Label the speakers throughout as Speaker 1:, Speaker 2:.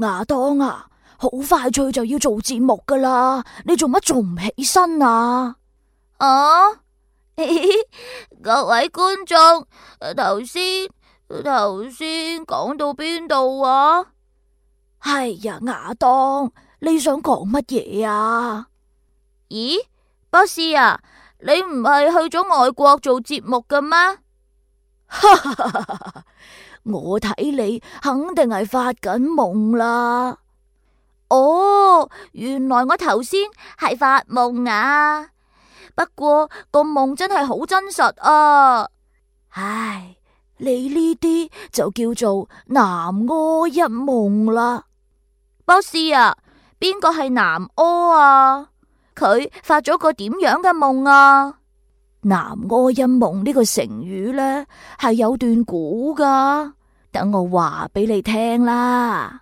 Speaker 1: 亞當啊，好快脆就要做節目噶啦，你做乜做唔起身啊？啊！ 各位觀眾，頭先頭先講到邊度啊？哎呀，亞當，你想講乜嘢啊？咦，博士啊，你唔係去咗外國做節目噶咩？ 我睇你肯定係發緊夢啦！哦，原來我頭先係發夢啊，不過個夢真係好真實啊！唉，你呢啲就叫做南柯一夢啦，博士啊，邊個係南柯啊？佢發咗個點樣嘅夢啊？南柯一夢呢個成語呢，係有段古噶，等我話俾你聽啦。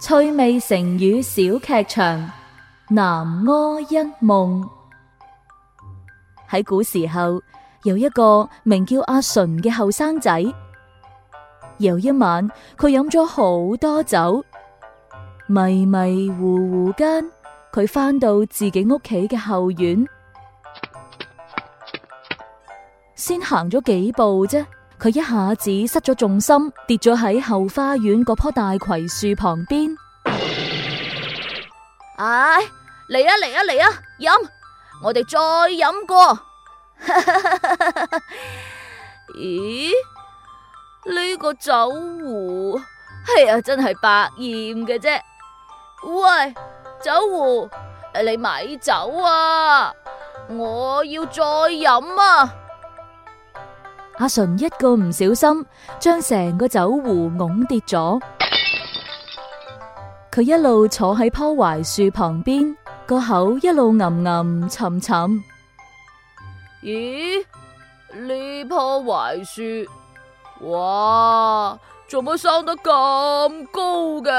Speaker 1: 趣味成語小劇場《南柯一夢》，喺古時候有一個名叫阿純嘅後生仔。有一晚，佢飲咗好多酒，迷迷糊糊間，佢返到自己屋企嘅後院，先行咗幾步啫，佢一下子失咗重心，跌咗喺後花園嗰棵大葵樹旁邊。唉、哎，嚟啊嚟啊嚟啊飲，我哋再飲過。 咦？呢個酒壺，係啊，真係百厭嘅啫。喂，酒壺，你咪走啊！我要再飲啊！阿純一個唔小心，將成個酒壺拱跌咗。佢 一路坐喺棵槐樹旁邊，個口一路吟吟沉沉。咦？呢棵槐樹。哇！做乜生得咁高嘅？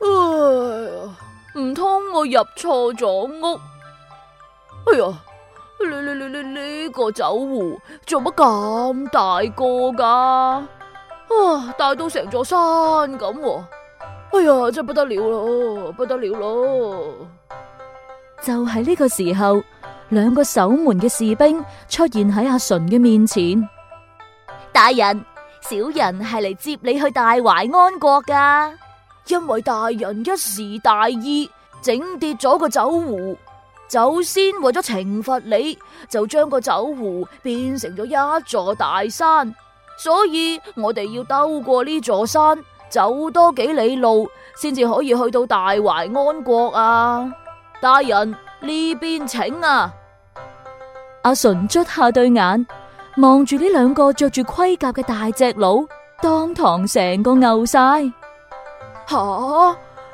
Speaker 1: 唉，唔通我入錯咗屋？哎呀！你你你你呢個酒壺做乜咁大個噶？啊！大到成座山咁！哎呀！真係不得了咯，不得了咯！就喺呢個時候，兩個守門嘅士兵出現喺阿純嘅面前。大人，小人係嚟接你去大槐安國噶，因為大人一時大意整跌咗個酒壺，酒仙為咗懲罰你，就將個酒壺變成咗一座大山，所以我哋要兜過呢座山，走多幾里路，先至可以去到大槐安國啊！大人，呢邊請啊！阿純捽下對眼。望住呢兩個着住盔甲嘅大隻佬，當堂成個牛晒吓。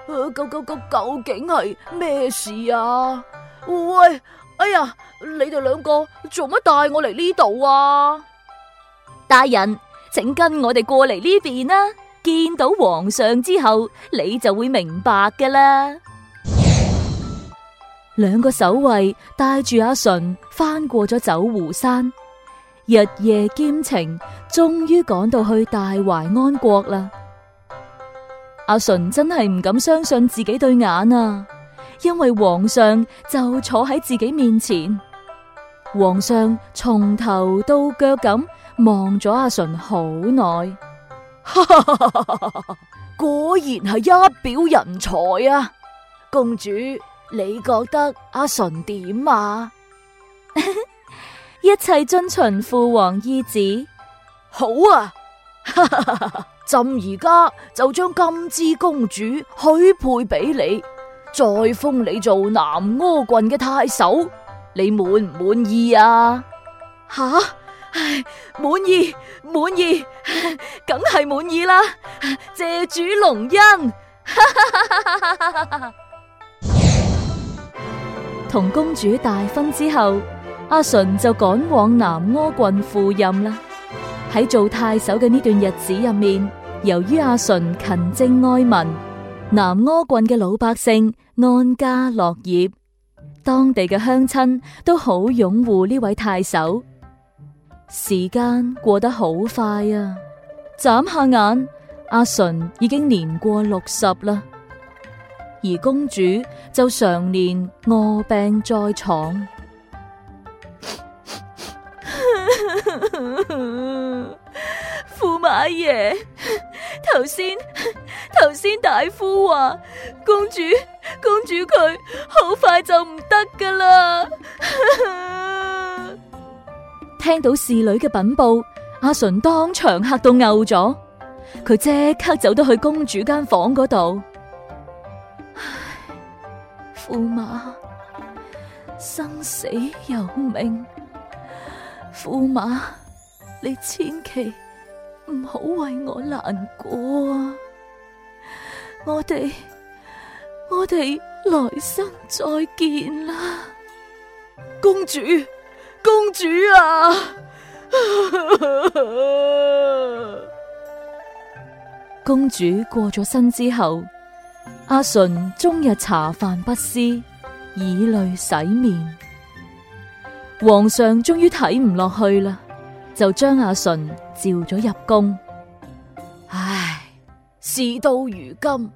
Speaker 1: 究究究究竟係咩事啊？喂，哎呀，你哋兩個做乜帶我嚟呢度啊？大人，請跟我哋過嚟呢邊啦。見到皇上之後，你就會明白噶啦。 兩個守衛帶住阿純翻過咗酒湖山。日夜兼程，終於趕到去大槐安國啦！阿純真係唔敢相信自己對眼啊，因為皇上就坐喺自己面前。皇上從頭到腳咁望咗阿純好耐， 果然係一表人才啊！公主，你覺得阿純點啊？ 一切遵循父王意旨。好啊！ 朕而家就將金枝公主許配俾你，再封你做南柯郡嘅太守，你滿唔滿意啊？吓、 啊！唉，滿意，滿意，梗係滿意啦！ 謝主隆恩。同 公主大婚之後。阿純就趕往南柯郡赴任啦。喺做太守嘅呢段日子入面，由於阿純勤政愛民，南柯郡嘅老百姓安家樂業，當地嘅鄉親都好擁護呢位太守。時間過得好快啊，眨下眼，阿純已經年過六十啦，而公主就常年臥病在床。駙馬爺，頭先頭先大夫話，公主公主佢好快就唔得噶啦。聽到侍女嘅稟報，阿純當場嚇到嘔咗，佢即刻走到去公主間房嗰度。唉，駙馬生死由命。駙馬，你千祈唔好為我難過啊！我哋我哋來生再見啦，公主，公主啊！ 公主過咗身之後，阿淳終日茶飯不思，以淚洗面。皇上終於睇唔落去啦，就將阿順召咗入宮。唉，事到如今，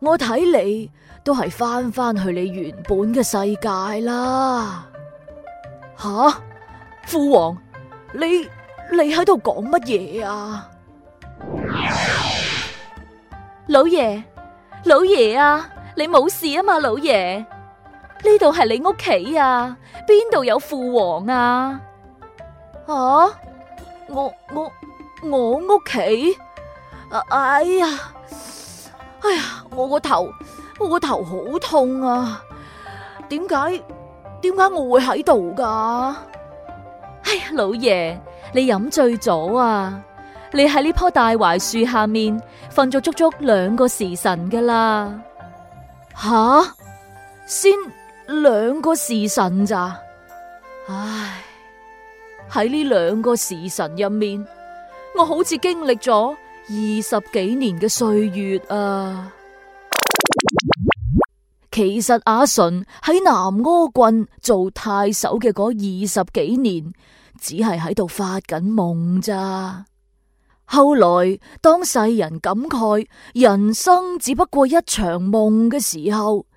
Speaker 1: 我睇你都係翻翻去你原本嘅世界啦。吓，父皇，你你喺度講乜嘢啊？老爺，老爺啊，你冇事啊嘛？老爺。呢度係你屋企啊？邊度有父皇啊？吓！我我我屋企啊！哎呀！哎呀！我個頭，我個頭好痛啊！點解？點解我會喺度噶？哎呀，老爺，你飲醉咗啊！你喺呢棵大槐樹下面瞓咗足足兩個時辰噶啦，吓先。兩個時辰咋？唉，喺呢兩個時辰入面，我好似經歷咗二十幾年嘅歲月啊！ 其實阿純喺南柯郡郡做太守嘅嗰二十幾年，只係喺度發緊夢咋。後來當世人感慨，人生只不過一場夢嘅時候，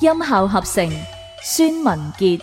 Speaker 1: 音效合成：孫文杰。